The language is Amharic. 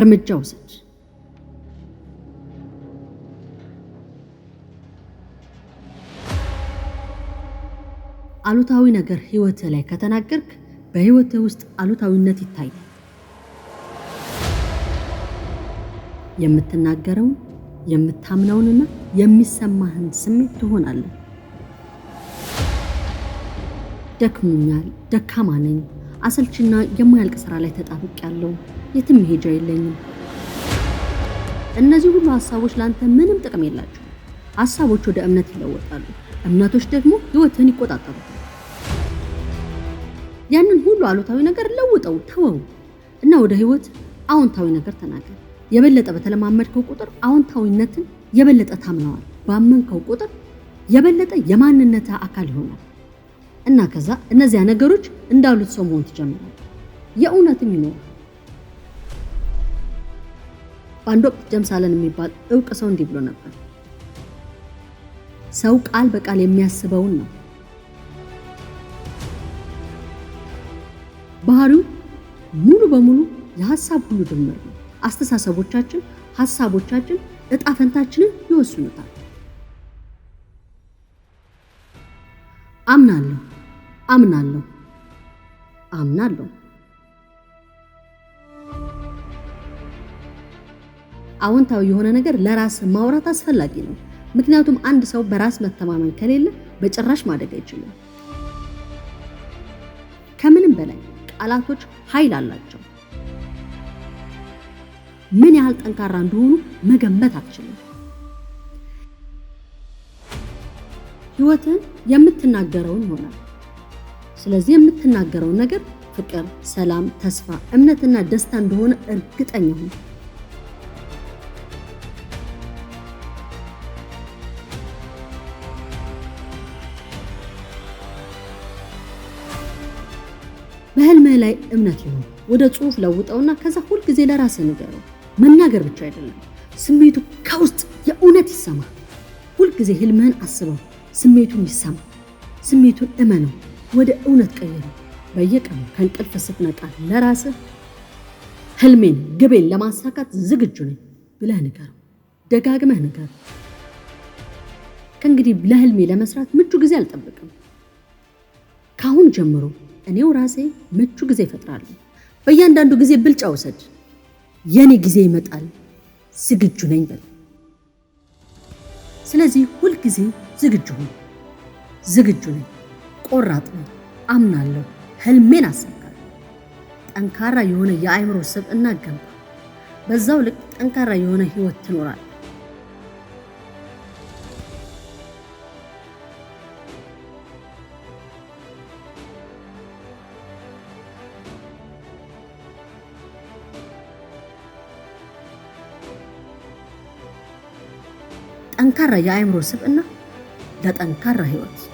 እርምጃ ውሰድ። አሉታዊ ነገር ህይወት ላይ ከተናገርክ በህይወት ውስጥ አሉታዊነት ይታያል። የምትናገረውን የምታምነውንና የሚሰማህን ስሜት ትሆናለህ። ደክሞኛል፣ ደካማ ነኝ አሰልችና የማያልቅ ስራ ላይ ተጣብቅ ያለው የትም መሄጃ የለኝም። እነዚህ ሁሉ ሀሳቦች ለአንተ ምንም ጥቅም የላቸው። ሀሳቦች ወደ እምነት ይለወጣሉ። እምነቶች ደግሞ ህይወትን ይቆጣጠሩ። ያንን ሁሉ አሉታዊ ነገር ለውጠው ተወው እና ወደ ህይወት አዎንታዊ ነገር ተናገር። የበለጠ በተለማመድከው ቁጥር አዎንታዊነትን የበለጠ ታምነዋል። ባመንከው ቁጥር የበለጠ የማንነት አካል ይሆናል። እና ከዛ እነዚያ ነገሮች እንዳሉት ሰው መሆን ትጀምራል። የእውነትም ይኖራል። በአንድ ወቅት ጀምሳለን የሚባል እውቅ ሰው እንዲህ ብሎ ነበር፣ ሰው ቃል በቃል የሚያስበውን ነው። ባህሪው ሙሉ በሙሉ የሀሳብ ሁሉ ድምር ነው። አስተሳሰቦቻችን፣ ሀሳቦቻችን እጣ ፈንታችንን ይወስኑታል። አምናለሁ። አምናለሁ አምናለሁ። አዎንታዊ የሆነ ነገር ለራስ ማውራት አስፈላጊ ነው። ምክንያቱም አንድ ሰው በራስ መተማመን ከሌለ በጭራሽ ማደግ አይችልም። ከምንም በላይ ቃላቶች ኃይል አላቸው። ምን ያህል ጠንካራ እንደሆኑ መገመት አትችልም። ሕይወትን የምትናገረውን ይሆናል። ስለዚህ የምትናገረው ነገር ፍቅር፣ ሰላም፣ ተስፋ፣ እምነትና ደስታ እንደሆነ እርግጠኛ ሁን። በህልምህ ላይ እምነት ይሁን ወደ ጽሁፍ ለውጠውና ከዛ ሁልጊዜ ለራስህ ንገረው። መናገር ብቻ አይደለም፣ ስሜቱ ከውስጥ የእውነት ይሰማ። ሁልጊዜ ህልምህን አስበው፣ ስሜቱን ይሰማ፣ ስሜቱን እመነው። ወደ እውነት ቀይሩ። በየቀኑ ከእንቅልፍ ስትነቃ ለራስህ ህልሜን፣ ግቤን ለማሳካት ዝግጁ ነኝ ብለህ ንገረው። ደጋግመህ ንገረው። ከእንግዲህ ለህልሜ ለመስራት ምቹ ጊዜ አልጠብቅም። ከአሁን ጀምሮ እኔው ራሴ ምቹ ጊዜ እፈጥራለሁ። በእያንዳንዱ ጊዜ ብልጫ ውሰድ። የእኔ ጊዜ ይመጣል፣ ዝግጁ ነኝ በል። ስለዚህ ሁልጊዜ ዝግጁ ሁን። ዝግጁ ነኝ ቆራጥ ነው። አምናለሁ፣ ህልሜን አሳካለሁ። ጠንካራ የሆነ የአእምሮ ስብዕና ገንባ። በዛው ልክ ጠንካራ የሆነ ህይወት ትኖራል። ጠንካራ የአእምሮ ስብዕና ለጠንካራ ህይወት